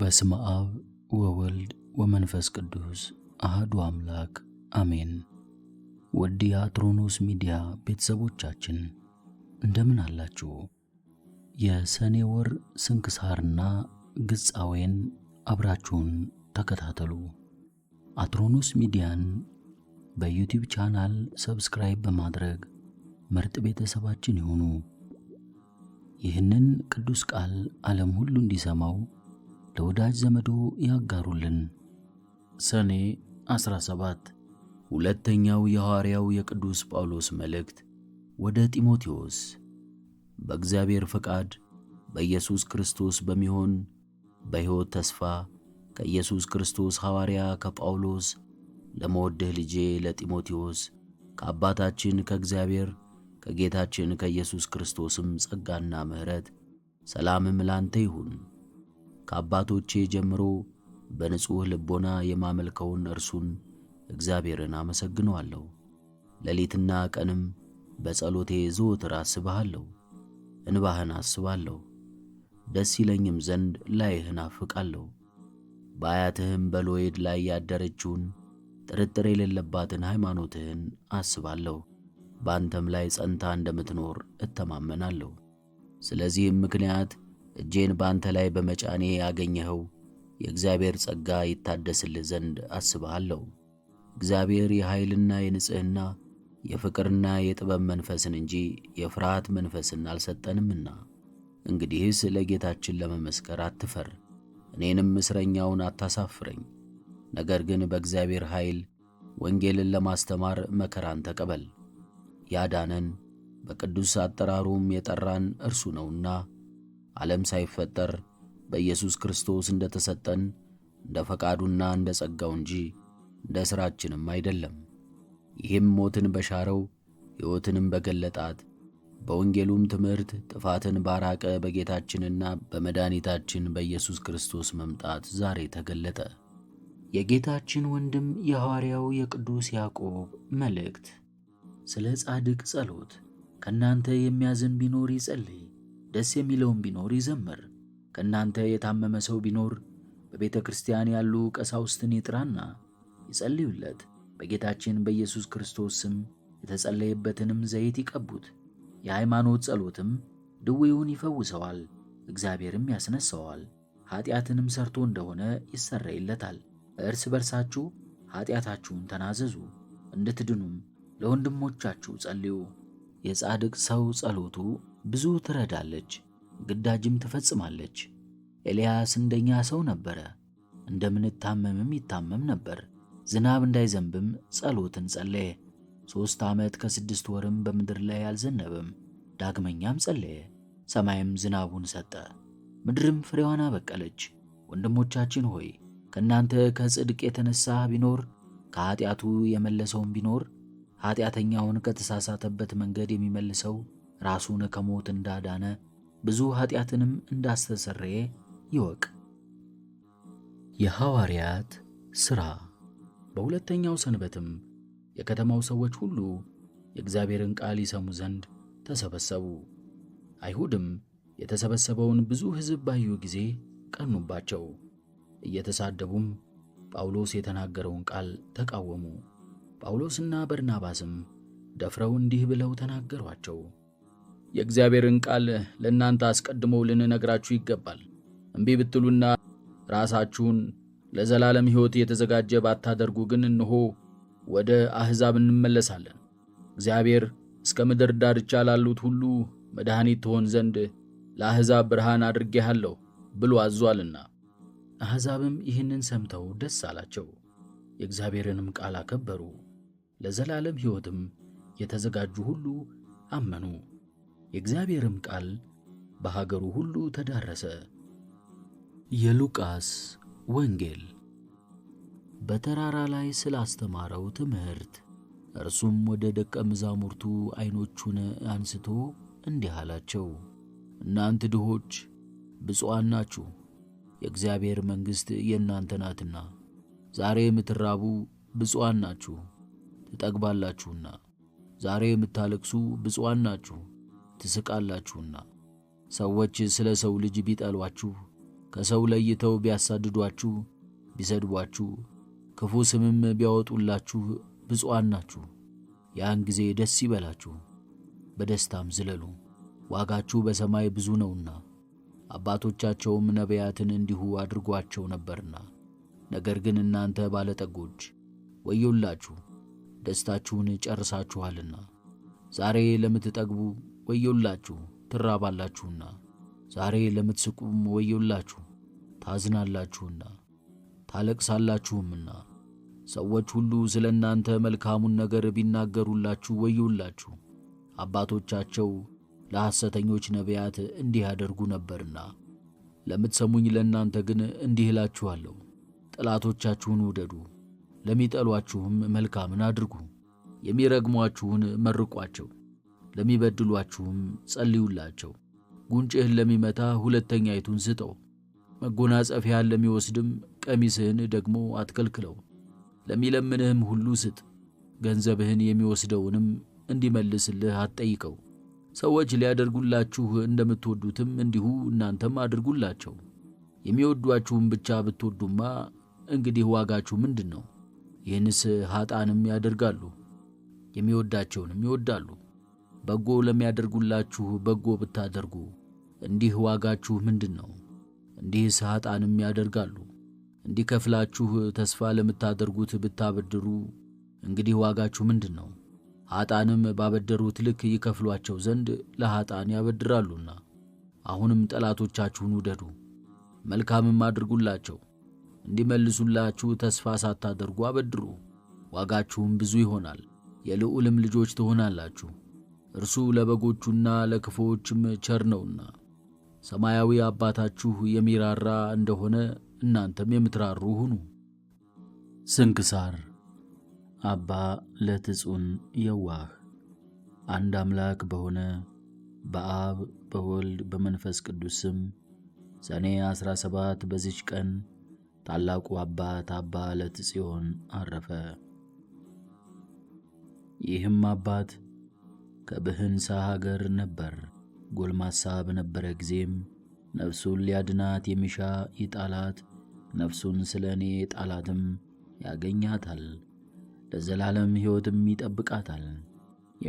በስመ አብ ወወልድ ወመንፈስ ቅዱስ አህዱ አምላክ አሜን። ውድ የአትሮኖስ ሚዲያ ቤተሰቦቻችን እንደምን አላችሁ? የሰኔ ወር ስንክሳርና ግጻዌን አብራችሁን ተከታተሉ። አትሮኖስ ሚዲያን በዩቲዩብ ቻናል ሰብስክራይብ በማድረግ ምርጥ ቤተሰባችን ይሁኑ። ይህንን ቅዱስ ቃል ዓለም ሁሉ እንዲሰማው ለወዳጅ ዘመዶ ያጋሩልን። ሰኔ 17 ሁለተኛው የሐዋርያው የቅዱስ ጳውሎስ መልእክት ወደ ጢሞቴዎስ። በእግዚአብሔር ፈቃድ በኢየሱስ ክርስቶስ በሚሆን በሕይወት ተስፋ ከኢየሱስ ክርስቶስ ሐዋርያ ከጳውሎስ ለመወድህ ልጄ ለጢሞቴዎስ ከአባታችን ከእግዚአብሔር ከጌታችን ከኢየሱስ ክርስቶስም ጸጋና ምሕረት ሰላምም ላንተ ይሁን። ከአባቶቼ ጀምሮ በንጹሕ ልቦና የማመልከውን እርሱን እግዚአብሔርን አመሰግነዋለሁ። ሌሊትና ቀንም በጸሎቴ ዘወትር አስብሃለሁ፣ እንባህን አስባለሁ፣ ደስ ይለኝም ዘንድ ላይህ ናፍቃለሁ። በአያትህም በሎይድ ላይ ያደረችውን ጥርጥር የሌለባትን ሃይማኖትህን አስባለሁ። በአንተም ላይ ጸንታ እንደምትኖር እተማመናለሁ። ስለዚህም ምክንያት እጄን በአንተ ላይ በመጫኔ ያገኘኸው የእግዚአብሔር ጸጋ ይታደስልህ ዘንድ አስብሃለሁ። እግዚአብሔር የኃይልና የንጽሕና የፍቅርና የጥበብ መንፈስን እንጂ የፍርሃት መንፈስን አልሰጠንምና። እንግዲህስ ለጌታችን ለመመስከር አትፈር፣ እኔንም እስረኛውን አታሳፍረኝ። ነገር ግን በእግዚአብሔር ኃይል ወንጌልን ለማስተማር መከራን ተቀበል። ያዳነን በቅዱስ አጠራሩም የጠራን እርሱ ነውና ዓለም ሳይፈጠር በኢየሱስ ክርስቶስ እንደ ተሰጠን እንደ ፈቃዱና እንደ ጸጋው እንጂ እንደ ሥራችንም አይደለም። ይህም ሞትን በሻረው ሕይወትንም በገለጣት በወንጌሉም ትምህርት ጥፋትን ባራቀ በጌታችንና በመድኃኒታችን በኢየሱስ ክርስቶስ መምጣት ዛሬ ተገለጠ። የጌታችን ወንድም የሐዋርያው የቅዱስ ያዕቆብ መልእክት ስለ ጻድቅ ጸሎት። ከእናንተ የሚያዝን ቢኖር ይጸልይ ደስ የሚለውም ቢኖር ይዘምር። ከእናንተ የታመመ ሰው ቢኖር በቤተ ክርስቲያን ያሉ ቀሳውስትን ይጥራና ይጸልዩለት፣ በጌታችን በኢየሱስ ክርስቶስ ስም የተጸለየበትንም ዘይት ይቀቡት። የሃይማኖት ጸሎትም ድዌውን ይፈውሰዋል፣ እግዚአብሔርም ያስነሰዋል። ኀጢአትንም ሠርቶ እንደሆነ ይሰረይለታል። እርስ በርሳችሁ ኀጢአታችሁን ተናዘዙ፣ እንድትድኑም ለወንድሞቻችሁ ጸልዩ። የጻድቅ ሰው ጸሎቱ ብዙ ትረዳለች፣ ግዳጅም ትፈጽማለች። ኤልያስ እንደኛ ሰው ነበረ። እንደምንታመምም ይታመም ነበር። ዝናብ እንዳይዘንብም ጸሎትን ጸለየ። ሦስት ዓመት ከስድስት ወርም በምድር ላይ አልዘነበም። ዳግመኛም ጸለየ፣ ሰማይም ዝናቡን ሰጠ፣ ምድርም ፍሬዋን አበቀለች። ወንድሞቻችን ሆይ ከእናንተ ከጽድቅ የተነሳ ቢኖር ከኃጢአቱ የመለሰውም ቢኖር ኃጢአተኛውን ከተሳሳተበት መንገድ የሚመልሰው ራሱን ከሞት እንዳዳነ ብዙ ኃጢአትንም እንዳስተሰረየ ይወቅ። የሐዋርያት ሥራ። በሁለተኛው ሰንበትም የከተማው ሰዎች ሁሉ የእግዚአብሔርን ቃል ይሰሙ ዘንድ ተሰበሰቡ። አይሁድም የተሰበሰበውን ብዙ ሕዝብ ባዩ ጊዜ ቀኑባቸው፣ እየተሳደቡም ጳውሎስ የተናገረውን ቃል ተቃወሙ። ጳውሎስና በርናባስም ደፍረው እንዲህ ብለው ተናገሯቸው። የእግዚአብሔርን ቃል ለእናንተ አስቀድሞ ልንነግራችሁ ይገባል። እምቢ ብትሉና ራሳችሁን ለዘላለም ሕይወት የተዘጋጀ ባታደርጉ ግን እንሆ ወደ አሕዛብ እንመለሳለን። እግዚአብሔር እስከ ምድር ዳርቻ ላሉት ሁሉ መድኃኒት ትሆን ዘንድ ለአሕዛብ ብርሃን አድርጌሃለሁ ብሎ አዟልና። አሕዛብም ይህንን ሰምተው ደስ አላቸው፣ የእግዚአብሔርንም ቃል አከበሩ፣ ለዘላለም ሕይወትም የተዘጋጁ ሁሉ አመኑ። የእግዚአብሔርም ቃል በሀገሩ ሁሉ ተዳረሰ። የሉቃስ ወንጌል በተራራ ላይ ስላስተማረው ትምህርት። እርሱም ወደ ደቀ መዛሙርቱ ዐይኖቹን አንስቶ እንዲህ አላቸው፣ እናንት ድሆች ብፁዓን ናችሁ፣ የእግዚአብሔር መንግሥት የእናንተ ናትና። ዛሬ የምትራቡ ብፁዓን ናችሁ፣ ትጠግባላችሁና። ዛሬ የምታለቅሱ ብፁዓን ናችሁ ትስቃላችሁና። ሰዎች ስለ ሰው ልጅ ቢጠሏችሁ፣ ከሰው ለይተው ቢያሳድዷችሁ፣ ቢሰድቧችሁ፣ ክፉ ስምም ቢያወጡላችሁ ብፁዓን ናችሁ። ያን ጊዜ ደስ ይበላችሁ፣ በደስታም ዝለሉ፣ ዋጋችሁ በሰማይ ብዙ ነውና። አባቶቻቸውም ነቢያትን እንዲሁ አድርጓቸው ነበርና። ነገር ግን እናንተ ባለጠጎች ወዮላችሁ፣ ደስታችሁን ጨርሳችኋልና። ዛሬ ለምትጠግቡ ወዮላችሁ ትራባላችሁና፣ ዛሬ ለምትስቁም ወዮላችሁ ታዝናላችሁና ታለቅሳላችሁምና። ሰዎች ሁሉ ስለ እናንተ መልካሙን ነገር ቢናገሩላችሁ ወዮላችሁ፣ አባቶቻቸው ለሐሰተኞች ነቢያት እንዲህ ያደርጉ ነበርና። ለምትሰሙኝ ለእናንተ ግን እንዲህ እላችኋለሁ፣ ጠላቶቻችሁን ውደዱ፣ ለሚጠሏችሁም መልካምን አድርጉ፣ የሚረግሟችሁን መርቋቸው ለሚበድሏችሁም ጸልዩላቸው። ጉንጭህን ለሚመታ ሁለተኛይቱን ስጠው፣ መጎናጸፊያን ለሚወስድም ቀሚስህን ደግሞ አትከልክለው። ለሚለምንህም ሁሉ ስጥ፣ ገንዘብህን የሚወስደውንም እንዲመልስልህ አትጠይቀው። ሰዎች ሊያደርጉላችሁ እንደምትወዱትም እንዲሁ እናንተም አድርጉላቸው። የሚወዷችሁም ብቻ ብትወዱማ እንግዲህ ዋጋችሁ ምንድን ነው? ይህንስ ኀጣንም ያደርጋሉ፣ የሚወዳቸውንም ይወዳሉ። በጎ ለሚያደርጉላችሁ በጎ ብታደርጉ እንዲህ ዋጋችሁ ምንድን ነው? እንዲህስ ኀጣንም ያደርጋሉ። እንዲከፍላችሁ ተስፋ ለምታደርጉት ብታበድሩ እንግዲህ ዋጋችሁ ምንድን ነው? ኀጣንም ባበደሩት ልክ ይከፍሏቸው ዘንድ ለኀጣን ያበድራሉና። አሁንም ጠላቶቻችሁን ውደዱ፣ መልካምም አድርጉላቸው፣ እንዲመልሱላችሁ ተስፋ ሳታደርጉ አበድሩ፣ ዋጋችሁም ብዙ ይሆናል፣ የልዑልም ልጆች ትሆናላችሁ። እርሱ ለበጎቹና ለክፉዎችም ቸር ነውና ሰማያዊ አባታችሁ የሚራራ እንደሆነ እናንተም የምትራሩ ሁኑ። ስንክሳር አባ ለትጹን የዋህ አንድ አምላክ በሆነ በአብ በወልድ በመንፈስ ቅዱስ ስም ሰኔ 17 በዚች ቀን ታላቁ አባት አባ ለትጽዮን አረፈ። ይህም አባት ከብህንሳ ሀገር ነበር። ጎልማሳ በነበረ ጊዜም ነፍሱን ሊያድናት የሚሻ ይጣላት፣ ነፍሱን ስለ እኔ ጣላትም ያገኛታል፣ ለዘላለም ሕይወትም ይጠብቃታል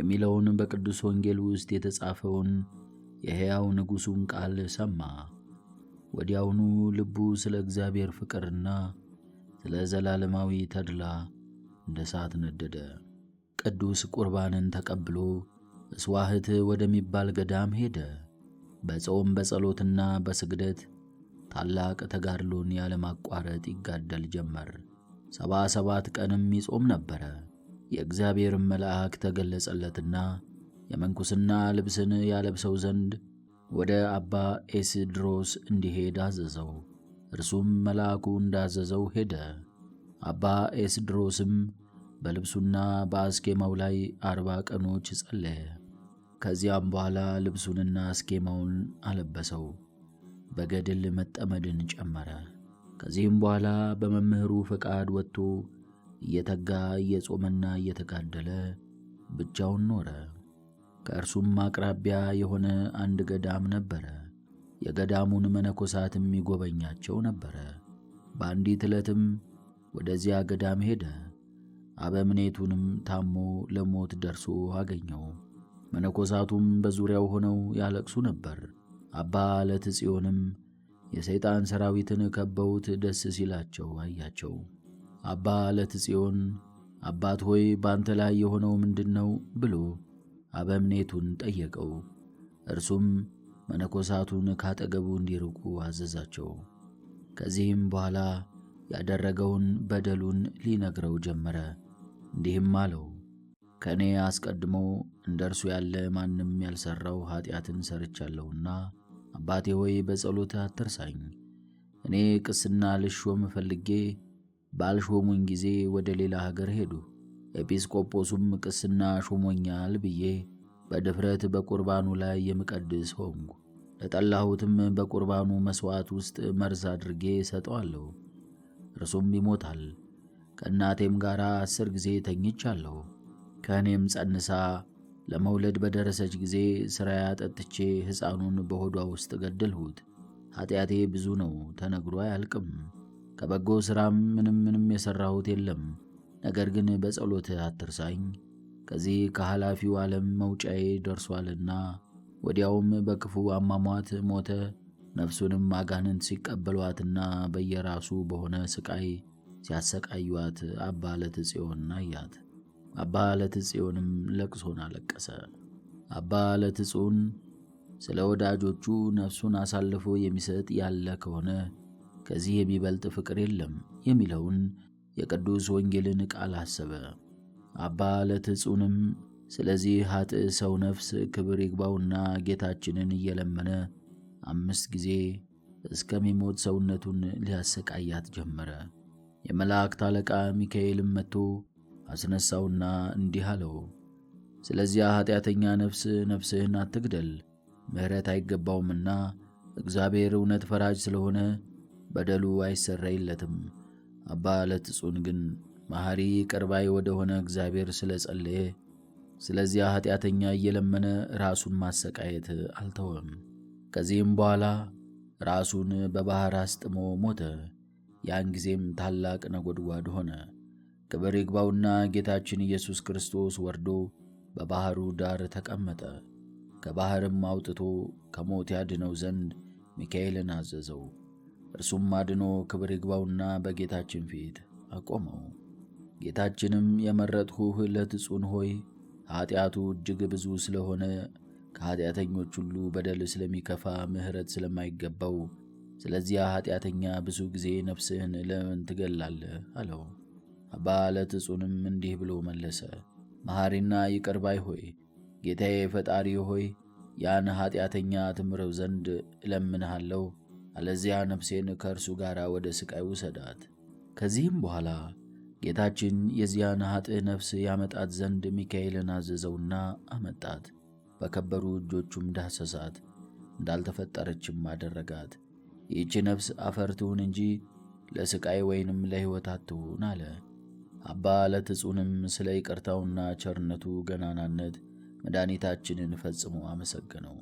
የሚለውን በቅዱስ ወንጌል ውስጥ የተጻፈውን የሕያው ንጉሡን ቃል ሰማ። ወዲያውኑ ልቡ ስለ እግዚአብሔር ፍቅርና ስለ ዘላለማዊ ተድላ እንደ እሳት ነደደ። ቅዱስ ቁርባንን ተቀብሎ እስዋህት ወደሚባል ገዳም ሄደ። በጾም በጸሎትና በስግደት ታላቅ ተጋድሎን ያለማቋረጥ ይጋደል ጀመር። ሰባ ሰባት ቀንም ይጾም ነበረ። የእግዚአብሔርን መልአክ ተገለጸለትና የመንኩስና ልብስን ያለብሰው ዘንድ ወደ አባ ኤስድሮስ እንዲሄድ አዘዘው። እርሱም መልአኩ እንዳዘዘው ሄደ። አባ ኤስድሮስም በልብሱና በአስኬማው ላይ አርባ ቀኖች ጸለየ። ከዚያም በኋላ ልብሱንና አስኬማውን አለበሰው፣ በገድል መጠመድን ጨመረ። ከዚህም በኋላ በመምህሩ ፈቃድ ወጥቶ እየተጋ እየጾመና እየተጋደለ ብቻውን ኖረ። ከእርሱም አቅራቢያ የሆነ አንድ ገዳም ነበረ። የገዳሙን መነኮሳትም የሚጎበኛቸው ነበረ። በአንዲት ዕለትም ወደዚያ ገዳም ሄደ። አበምኔቱንም ታሞ ለሞት ደርሶ አገኘው። መነኮሳቱም በዙሪያው ሆነው ያለቅሱ ነበር። አባ ጽዮንም የሰይጣን ሰራዊትን ከበውት ደስ ሲላቸው አያቸው። አባ ጽዮን አባት ሆይ በአንተ ላይ የሆነው ምንድን ነው ብሎ አበምኔቱን ጠየቀው። እርሱም መነኮሳቱን ካጠገቡ እንዲርቁ አዘዛቸው። ከዚህም በኋላ ያደረገውን በደሉን ሊነግረው ጀመረ። እንዲህም አለው ከእኔ አስቀድሞ እንደ እርሱ ያለ ማንም ያልሠራው ኀጢአትን ሠርቻለሁና አባቴ ሆይ በጸሎት አትርሳኝ። እኔ ቅስና ልሾም ፈልጌ ባልሾሙኝ ጊዜ ወደ ሌላ ሀገር ሄዱ። ኤጲስቆጶሱም ቅስና ሾሞኛል ብዬ በድፍረት በቁርባኑ ላይ የምቀድስ ሆንኩ። ለጠላሁትም በቁርባኑ መሥዋዕት ውስጥ መርዝ አድርጌ ሰጠዋለሁ፣ እርሱም ይሞታል። ከእናቴም ጋር አስር ጊዜ ተኝቻለሁ። ከእኔም ጸንሳ ለመውለድ በደረሰች ጊዜ ሥራዬ አጠጥቼ ሕፃኑን በሆዷ ውስጥ ገደልሁት። ኃጢአቴ ብዙ ነው፣ ተነግሮ አያልቅም። ከበጎ ሥራም ምንም ምንም የሠራሁት የለም። ነገር ግን በጸሎትህ አትርሳኝ፣ ከዚህ ከኃላፊው ዓለም መውጫዬ ደርሷልና። ወዲያውም በክፉ አሟሟት ሞተ። ነፍሱንም አጋንንት ሲቀበሏትና በየራሱ በሆነ ሥቃይ ሲያሰቃዩአት አባ ጽዮን አያት። አባ ለትጽዮንም ለቅሶን አለቀሰ። አባ ለትጹን ስለ ወዳጆቹ ነፍሱን አሳልፎ የሚሰጥ ያለ ከሆነ ከዚህ የሚበልጥ ፍቅር የለም የሚለውን የቅዱስ ወንጌልን ቃል አሰበ። አባ ለትጹንም ስለዚህ ኃጥእ ሰው ነፍስ ክብር ይግባውና ጌታችንን እየለመነ አምስት ጊዜ እስከሚሞት ሰውነቱን ሊያሰቃያት ጀመረ። የመላእክት አለቃ ሚካኤልም መጥቶ አስነሳውና እንዲህ አለው፣ ስለዚያ ኃጢአተኛ ነፍስ ነፍስህን አትግደል፣ ምሕረት አይገባውምና እግዚአብሔር እውነት ፈራጅ ስለሆነ በደሉ አይሰረይለትም። አባ ለትጹን ግን መሐሪ ቅርባይ ወደሆነ እግዚአብሔር ስለ ጸለየ ስለዚያ ኃጢአተኛ እየለመነ ራሱን ማሰቃየት አልተወም። ከዚህም በኋላ ራሱን በባሕር አስጥሞ ሞተ። ያን ጊዜም ታላቅ ነጎድጓድ ሆነ። ክብር ይግባውና ጌታችን ኢየሱስ ክርስቶስ ወርዶ በባሕሩ ዳር ተቀመጠ። ከባሕርም አውጥቶ ከሞት ያድነው ዘንድ ሚካኤልን አዘዘው። እርሱም አድኖ ክብር ይግባውና በጌታችን ፊት አቆመው። ጌታችንም የመረጥሁህ ለትጹን ሆይ ኀጢአቱ እጅግ ብዙ ስለሆነ ከኀጢአተኞች ሁሉ በደል ስለሚከፋ ምሕረት ስለማይገባው ስለዚያ ኀጢአተኛ ብዙ ጊዜ ነፍስህን ለምን ትገላለህ? አለው። አባ ጹንም እንዲህ ብሎ መለሰ። መሐሪና ይቅር ባይ ሆይ ጌታዬ ፈጣሪ ሆይ ያን ኀጢአተኛ ትምረው ዘንድ እለምንሃለሁ፣ አለዚያ ነፍሴን ከእርሱ ጋር ወደ ሥቃይ ውሰዳት። ከዚህም በኋላ ጌታችን የዚያን ኃጥእ ነፍስ ያመጣት ዘንድ ሚካኤልን አዘዘውና አመጣት። በከበሩ እጆቹም ዳሰሳት፣ እንዳልተፈጠረችም አደረጋት። ይህች ነፍስ አፈር ትሁን እንጂ ለሥቃይ ወይንም ለሕይወት አትሁን አለ። አባ ለትጹንም ስለ ይቅርታውና ቸርነቱ ገናናነት መድኃኒታችንን ፈጽሞ አመሰገነው።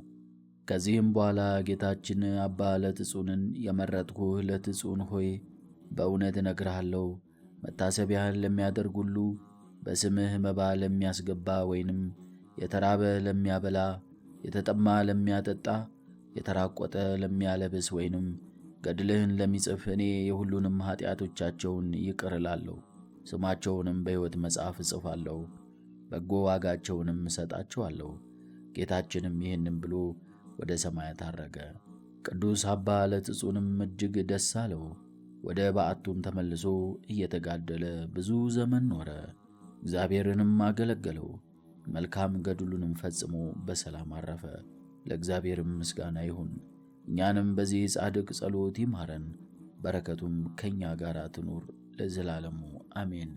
ከዚህም በኋላ ጌታችን አባ ለትጹንን የመረጥኩህ ለትጹን ሆይ በእውነት እነግርሃለሁ፣ መታሰቢያህን ለሚያደርግ ሁሉ በስምህ መባ ለሚያስገባ ወይንም የተራበ ለሚያበላ፣ የተጠማ ለሚያጠጣ፣ የተራቆጠ ለሚያለብስ ወይንም ገድልህን ለሚጽፍ እኔ የሁሉንም ኃጢአቶቻቸውን ይቅር እላለሁ። ስማቸውንም በሕይወት መጽሐፍ እጽፋለሁ፣ በጎ ዋጋቸውንም እሰጣችኋለሁ። ጌታችንም ይህንም ብሎ ወደ ሰማያት አረገ። ቅዱስ አባ ለትጹንም እጅግ ደስ አለው። ወደ በዓቱም ተመልሶ እየተጋደለ ብዙ ዘመን ኖረ። እግዚአብሔርንም አገለገለው። መልካም ገድሉንም ፈጽሞ በሰላም አረፈ። ለእግዚአብሔርም ምስጋና ይሁን። እኛንም በዚህ ጻድቅ ጸሎት ይማረን፣ በረከቱም ከእኛ ጋር ትኑር ለዘላለሙ አሜን።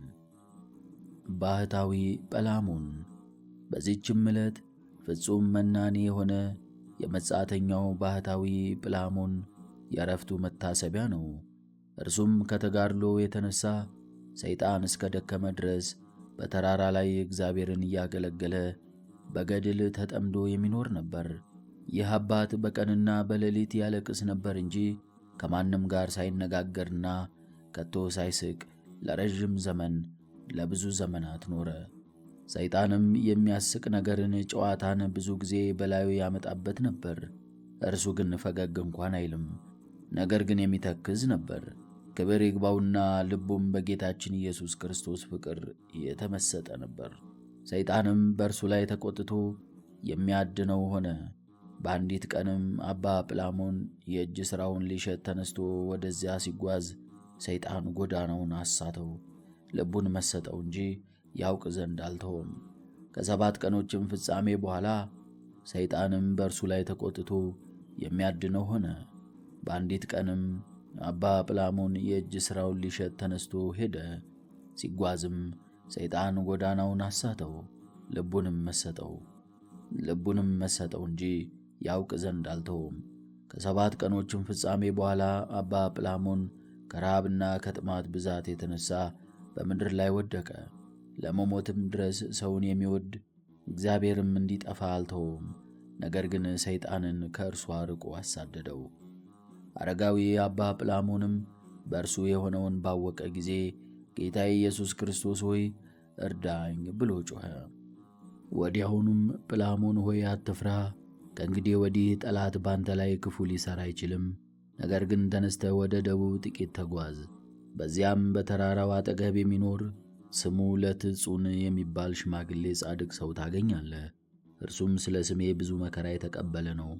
ባህታዊ ጰላሞን በዚችም ዕለት ፍጹም መናኔ የሆነ የመጻተኛው ባህታዊ ጵላሞን የእረፍቱ መታሰቢያ ነው። እርሱም ከተጋድሎ የተነሳ ሰይጣን እስከ ደከመ ድረስ በተራራ ላይ እግዚአብሔርን እያገለገለ በገድል ተጠምዶ የሚኖር ነበር። ይህ አባት በቀንና በሌሊት ያለቅስ ነበር እንጂ ከማንም ጋር ሳይነጋገርና ከቶ ሳይስቅ ለረዥም ዘመን ለብዙ ዘመናት ኖረ። ሰይጣንም የሚያስቅ ነገርን፣ ጨዋታን ብዙ ጊዜ በላዩ ያመጣበት ነበር። እርሱ ግን ፈገግ እንኳን አይልም፣ ነገር ግን የሚተክዝ ነበር። ክብር ይግባውና ልቡም በጌታችን ኢየሱስ ክርስቶስ ፍቅር የተመሰጠ ነበር። ሰይጣንም በእርሱ ላይ ተቆጥቶ የሚያድነው ሆነ። በአንዲት ቀንም አባ ጵላሞን የእጅ ሥራውን ሊሸጥ ተነስቶ ወደዚያ ሲጓዝ ሰይጣን ጎዳናውን አሳተው፣ ልቡን መሰጠው እንጂ ያውቅ ዘንድ አልተወም። ከሰባት ቀኖችም ፍጻሜ በኋላ ሰይጣንም በእርሱ ላይ ተቆጥቶ የሚያድነው ሆነ። በአንዲት ቀንም አባ ጵላሞን የእጅ ሥራውን ሊሸጥ ተነስቶ ሄደ። ሲጓዝም ሰይጣን ጎዳናውን አሳተው፣ ልቡንም መሰጠው ልቡንም መሰጠው እንጂ ያውቅ ዘንድ አልተወም። ከሰባት ቀኖችም ፍጻሜ በኋላ አባ ጵላሞን ከረሃብና ከጥማት ብዛት የተነሳ በምድር ላይ ወደቀ። ለመሞትም ድረስ ሰውን የሚወድ እግዚአብሔርም እንዲጠፋ አልተውም። ነገር ግን ሰይጣንን ከእርሱ አርቆ አሳደደው። አረጋዊ አባ ጵላሞንም በእርሱ የሆነውን ባወቀ ጊዜ ጌታ ኢየሱስ ክርስቶስ ሆይ እርዳኝ ብሎ ጮኸ። ወዲያውኑም ጵላሞን ሆይ አትፍራ፣ ከእንግዲህ ወዲህ ጠላት ባንተ ላይ ክፉ ሊሠራ አይችልም ነገር ግን ተነስተ ወደ ደቡብ ጥቂት ተጓዝ። በዚያም በተራራው አጠገብ የሚኖር ስሙ ለትጹን የሚባል ሽማግሌ ጻድቅ ሰው ታገኛለህ። እርሱም ስለ ስሜ ብዙ መከራ የተቀበለ ነው።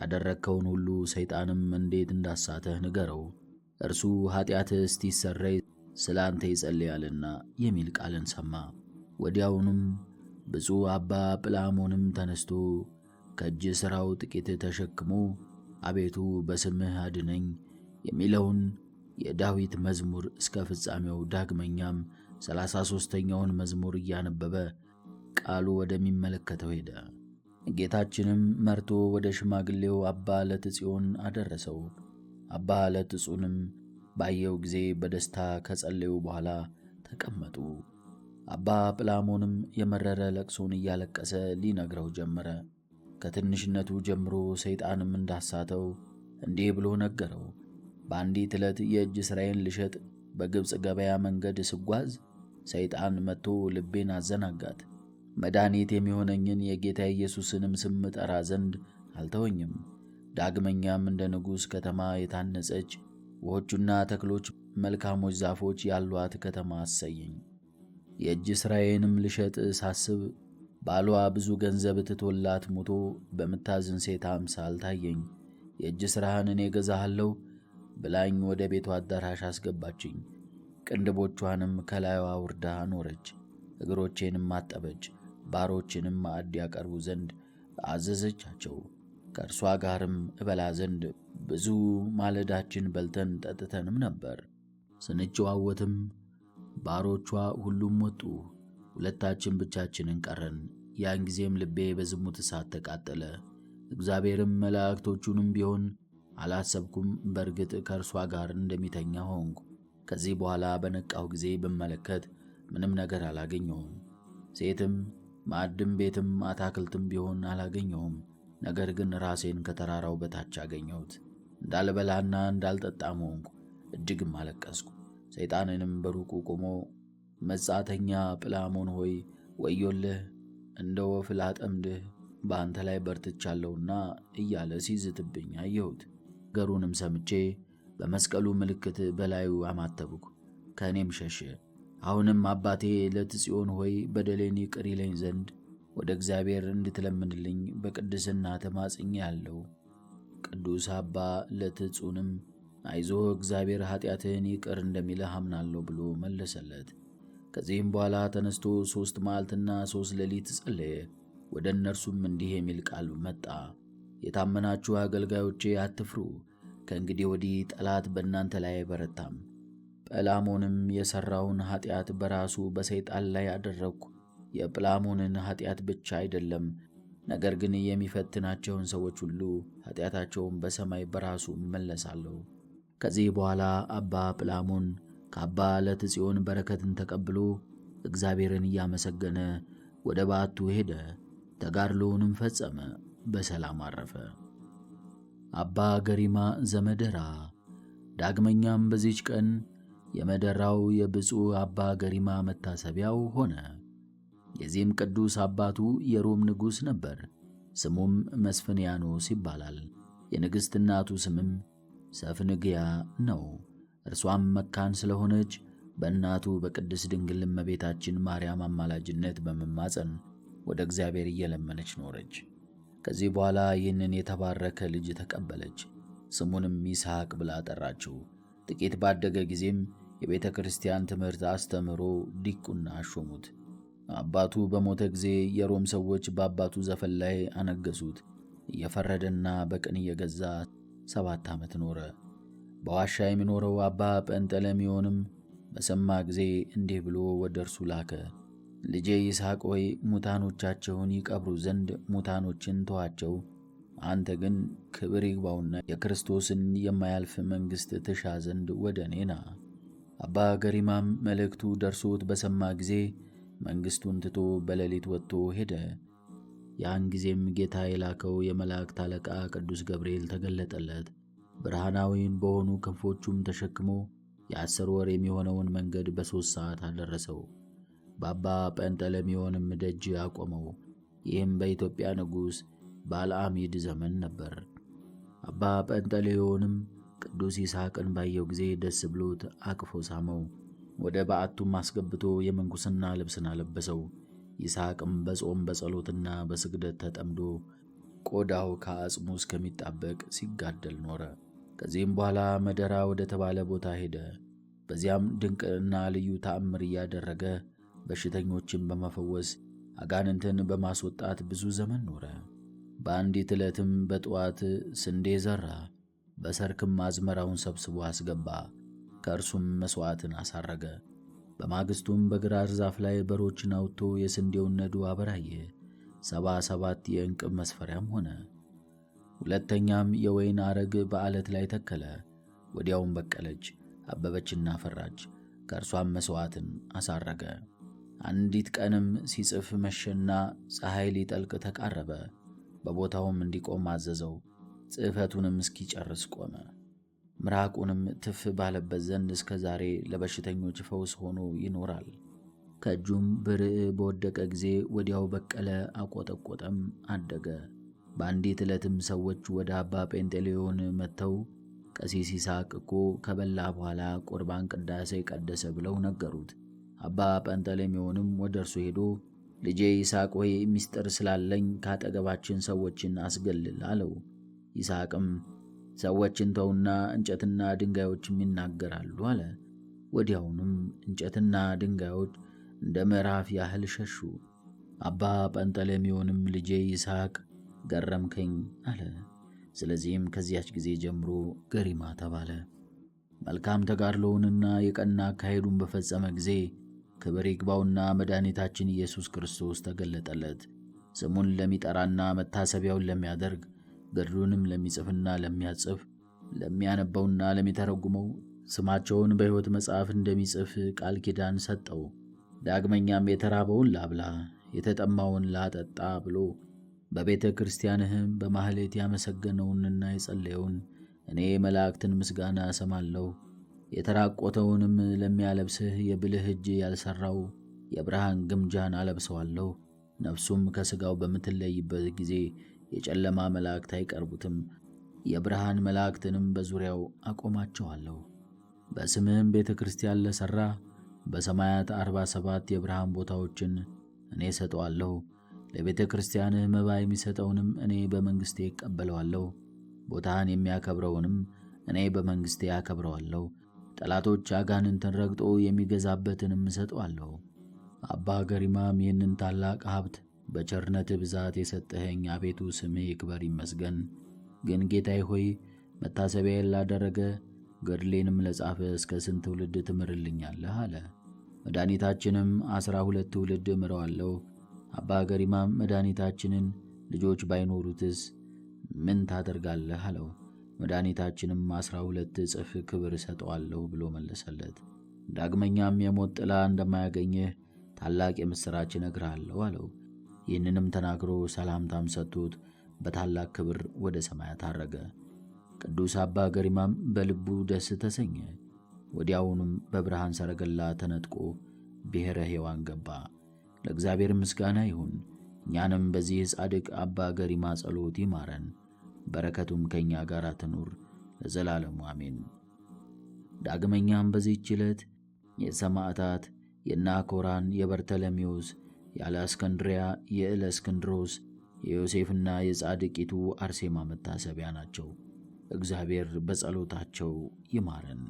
ያደረግከውን ሁሉ ሰይጣንም እንዴት እንዳሳተህ ንገረው፣ እርሱ ኃጢአትህ እስቲሰረይ ስለ አንተ ይጸልያልና የሚል ቃልን ሰማ። ወዲያውኑም ብፁዕ አባ ጵላሞንም ተነስቶ ከእጅ ሥራው ጥቂት ተሸክሞ አቤቱ በስምህ አድነኝ የሚለውን የዳዊት መዝሙር እስከ ፍጻሜው ዳግመኛም ሠላሳ ሦስተኛውን መዝሙር እያነበበ ቃሉ ወደሚመለከተው ሄደ። ጌታችንም መርቶ ወደ ሽማግሌው አባ ለትጽዮን አደረሰው። አባ ለትጹንም ባየው ጊዜ በደስታ ከጸለዩ በኋላ ተቀመጡ። አባ ጵላሞንም የመረረ ለቅሶን እያለቀሰ ሊነግረው ጀመረ። ከትንሽነቱ ጀምሮ ሰይጣንም እንዳሳተው እንዲህ ብሎ ነገረው። በአንዲት ዕለት የእጅ ሥራዬን ልሸጥ በግብፅ ገበያ መንገድ ስጓዝ ሰይጣን መጥቶ ልቤን አዘናጋት። መድኃኒት የሚሆነኝን የጌታ ኢየሱስንም ስም ጠራ ዘንድ አልተወኝም። ዳግመኛም እንደ ንጉሥ ከተማ የታነጸች ውሆቹና ተክሎች መልካሞች ዛፎች ያሏት ከተማ አሰየኝ። የእጅ ሥራዬንም ልሸጥ ሳስብ ባሏ ብዙ ገንዘብ ትቶላት ሙቶ በምታዝን ሴት አምሳል ታየኝ። የእጅ ሥራህን እኔ ገዛሃለሁ ብላኝ ወደ ቤቷ አዳራሽ አስገባችኝ። ቅንድቦቿንም ከላዩ ውርዳ አኖረች። እግሮቼንም አጠበች። ባሮችንም ማዕድ ያቀርቡ ዘንድ አዘዘቻቸው። ከእርሷ ጋርም እበላ ዘንድ ብዙ ማለዳችን በልተን ጠጥተንም ነበር። ስንጨዋወትም ባሮቿ ሁሉም ወጡ፣ ሁለታችን ብቻችንን ቀረን። ያን ጊዜም ልቤ በዝሙት እሳት ተቃጠለ። እግዚአብሔርም መላእክቶቹንም ቢሆን አላሰብኩም፣ በእርግጥ ከእርሷ ጋር እንደሚተኛ ሆንኩ። ከዚህ በኋላ በነቃሁ ጊዜ ብመለከት ምንም ነገር አላገኘሁም። ሴትም ማዕድም፣ ቤትም አታክልትም ቢሆን አላገኘሁም። ነገር ግን ራሴን ከተራራው በታች አገኘሁት። እንዳልበላና እንዳልጠጣም ሆንኩ፣ እጅግም አለቀስኩ። ሰይጣንንም በሩቁ ቆሞ መጻተኛ ጵላሞን ሆይ ወዮልህ እንደ ወፍ ላጠምድህ በአንተ ላይ በርትቻለሁና እያለ ሲዝትብኝ አየሁት። ገሩንም ሰምቼ በመስቀሉ ምልክት በላዩ አማተብኩ፣ ከእኔም ሸሸ። አሁንም አባቴ ለትጽዮን ሆይ በደሌን ይቅር ይለኝ ዘንድ ወደ እግዚአብሔር እንድትለምንልኝ በቅድስና ተማጽኝ ያለው። ቅዱስ አባ ለትጹንም አይዞ እግዚአብሔር ኃጢአትህን ይቅር እንደሚልህ አምናለሁ ብሎ መለሰለት። ከዚህም በኋላ ተነስቶ ሦስት መዓልትና ሦስት ሌሊት ጸለየ። ወደ እነርሱም እንዲህ የሚል ቃል መጣ። የታመናችሁ አገልጋዮቼ አትፍሩ፣ ከእንግዲህ ወዲህ ጠላት በእናንተ ላይ አይበረታም። ጵላሞንም የሠራውን ኀጢአት በራሱ በሰይጣን ላይ አደረግሁ። የጵላሞንን ኀጢአት ብቻ አይደለም፣ ነገር ግን የሚፈትናቸውን ሰዎች ሁሉ ኀጢአታቸውን በሰማይ በራሱ እመለሳለሁ። ከዚህ በኋላ አባ ጵላሞን ከአባ ጽዮን በረከትን ተቀብሎ እግዚአብሔርን እያመሰገነ ወደ በዓቱ ሄደ። ተጋድሎውንም ፈጸመ፣ በሰላም አረፈ። አባ ገሪማ ዘመደራ። ዳግመኛም በዚች ቀን የመደራው የብፁዕ አባ ገሪማ መታሰቢያው ሆነ። የዚህም ቅዱስ አባቱ የሮም ንጉሥ ነበር። ስሙም መስፍንያኖስ ይባላል። የንግሥት እናቱ ስምም ሰፍንግያ ነው። እርሷም መካን ስለሆነች በእናቱ በቅድስት ድንግል እመቤታችን ማርያም አማላጅነት በመማፀን ወደ እግዚአብሔር እየለመነች ኖረች። ከዚህ በኋላ ይህንን የተባረከ ልጅ ተቀበለች። ስሙንም ይስሐቅ ብላ ጠራችው። ጥቂት ባደገ ጊዜም የቤተ ክርስቲያን ትምህርት አስተምሮ ዲቁና አሾሙት። አባቱ በሞተ ጊዜ የሮም ሰዎች በአባቱ ዘፈን ላይ አነገሱት። እየፈረደና በቅን እየገዛ ሰባት ዓመት ኖረ። በዋሻ የሚኖረው አባ ጰንጠለሚዮንም በሰማ ጊዜ እንዲህ ብሎ ወደ እርሱ ላከ። ልጄ ይስሐቅ ሆይ ሙታኖቻቸውን ይቀብሩ ዘንድ ሙታኖችን ተዋቸው። አንተ ግን ክብር ይግባውና የክርስቶስን የማያልፍ መንግሥት ትሻ ዘንድ ወደ እኔ ና። አባ ገሪማም መልእክቱ ደርሶት በሰማ ጊዜ መንግሥቱን ትቶ በሌሊት ወጥቶ ሄደ። ያን ጊዜም ጌታ የላከው የመላእክት አለቃ ቅዱስ ገብርኤል ተገለጠለት። ብርሃናዊን በሆኑ ክንፎቹም ተሸክሞ የአስር ወር የሚሆነውን መንገድ በሦስት ሰዓት አደረሰው። በአባ ጰንጠለሚዮንም ደጅ አቆመው። ይህም በኢትዮጵያ ንጉሥ ባልአሚድ ዘመን ነበር። አባ ጰንጠሌዮንም ቅዱስ ይስሐቅን ባየው ጊዜ ደስ ብሎት አቅፎ ሳመው። ወደ በዓቱም አስገብቶ የምንኩስና ልብስን አለበሰው። ይስሐቅም በጾም በጸሎትና በስግደት ተጠምዶ ቆዳው ከአጽሙ እስከሚጣበቅ ሲጋደል ኖረ። ከዚህም በኋላ መደራ ወደ ተባለ ቦታ ሄደ። በዚያም ድንቅና ልዩ ተአምር እያደረገ በሽተኞችን በመፈወስ አጋንንትን በማስወጣት ብዙ ዘመን ኖረ። በአንዲት ዕለትም በጠዋት ስንዴ ዘራ፣ በሰርክም አዝመራውን ሰብስቦ አስገባ። ከእርሱም መሥዋዕትን አሳረገ። በማግስቱም በግራር ዛፍ ላይ በሮችን አውጥቶ የስንዴውን ነዱ አበራየ። ሰባ ሰባት የእንቅብ መስፈሪያም ሆነ። ሁለተኛም የወይን አረግ በዓለት ላይ ተከለ። ወዲያውም በቀለች፣ አበበችና ፈራች። ከእርሷም መሥዋዕትን አሳረገ። አንዲት ቀንም ሲጽፍ መሸና ፀሐይ ሊጠልቅ ተቃረበ። በቦታውም እንዲቆም አዘዘው። ጽሕፈቱንም እስኪጨርስ ቆመ። ምራቁንም ትፍ ባለበት ዘንድ እስከ ዛሬ ለበሽተኞች ፈውስ ሆኖ ይኖራል። ከእጁም ብርዕ በወደቀ ጊዜ ወዲያው በቀለ፣ አቆጠቆጠም፣ አደገ። በአንዲት ዕለትም ሰዎች ወደ አባ ጴንጤሌዮን መጥተው ቀሲስ ይስሐቅ እኮ ከበላ በኋላ ቁርባን ቅዳሴ ቀደሰ ብለው ነገሩት። አባ ጴንጠሌሜዎንም ወደ እርሱ ሄዶ ልጄ ይስሐቅ ሆይ ምስጢር ስላለኝ ካጠገባችን ሰዎችን አስገልል አለው። ይስሐቅም ሰዎችን ተውና እንጨትና ድንጋዮችም ይናገራሉ አለ። ወዲያውኑም እንጨትና ድንጋዮች እንደ ምዕራፍ ያህል ሸሹ። አባ ጴንጠሌሜዎንም ልጄ ይስሐቅ ገረምከኝ አለ። ስለዚህም ከዚያች ጊዜ ጀምሮ ገሪማ ተባለ። መልካም ተጋድሎውንና የቀና አካሄዱን በፈጸመ ጊዜ ክብር ይግባውና መድኃኒታችን ኢየሱስ ክርስቶስ ተገለጠለት። ስሙን ለሚጠራና መታሰቢያውን ለሚያደርግ ገድሉንም ለሚጽፍና ለሚያጽፍ ለሚያነበውና ለሚተረጉመው ስማቸውን በሕይወት መጽሐፍ እንደሚጽፍ ቃል ኪዳን ሰጠው። ዳግመኛም የተራበውን ላብላ፣ የተጠማውን ላጠጣ ብሎ በቤተ ክርስቲያንህም በማህሌት ያመሰገነውንና የጸለየውን እኔ መላእክትን ምስጋና እሰማለሁ። የተራቆተውንም ለሚያለብስህ የብልህ እጅ ያልሠራው የብርሃን ግምጃን አለብሰዋለሁ። ነፍሱም ከሥጋው በምትለይበት ጊዜ የጨለማ መላእክት አይቀርቡትም፣ የብርሃን መላእክትንም በዙሪያው አቆማቸዋለሁ። በስምህም ቤተ ክርስቲያን ለሠራ በሰማያት አርባ ሰባት የብርሃን ቦታዎችን እኔ ሰጠዋለሁ። ለቤተ ክርስቲያንህ መባ የሚሰጠውንም እኔ በመንግሥቴ እቀበለዋለሁ። ቦታህን የሚያከብረውንም እኔ በመንግሥቴ ያከብረዋለሁ። ጠላቶች አጋንንትን ረግጦ የሚገዛበትንም እሰጠዋለሁ። አባ ገሪማም ይህንን ታላቅ ሀብት በቸርነት ብዛት የሰጠኸኝ አቤቱ ስምህ ይክበር ይመስገን። ግን ጌታዬ ሆይ መታሰቢያዬን ላደረገ ገድሌንም ለጻፈ እስከ ስንት ትውልድ ትምርልኛለህ? አለ። መድኃኒታችንም ዐሥራ ሁለት ትውልድ እምረዋለሁ አባ ገሪማም መድኃኒታችንን ልጆች ባይኖሩትስ ምን ታደርጋለህ አለው። መድኃኒታችንም አስራ ሁለት እጥፍ ክብር እሰጠዋለሁ ብሎ መለሰለት። ዳግመኛም የሞት ጥላ እንደማያገኝህ ታላቅ የምሥራች እነግርሃለሁ አለው። ይህንንም ተናግሮ ሰላምታም ሰጥቶት በታላቅ ክብር ወደ ሰማያት አረገ። ቅዱስ አባ ገሪማም በልቡ ደስ ተሰኘ። ወዲያውኑም በብርሃን ሰረገላ ተነጥቆ ብሔረ ሔዋን ገባ። ለእግዚአብሔር ምስጋና ይሁን። እኛንም በዚህ ጻድቅ አባ ገሪማ ጸሎት ይማረን፣ በረከቱም ከእኛ ጋር ትኑር ለዘላለሙ አሜን። ዳግመኛም በዚህች ዕለት የሰማዕታት የናኮራን፣ የበርተለሜዎስ፣ ያለ እስክንድሪያ የዮሴፍና የጻድቂቱ አርሴማ መታሰቢያ ናቸው። እግዚአብሔር በጸሎታቸው ይማረን።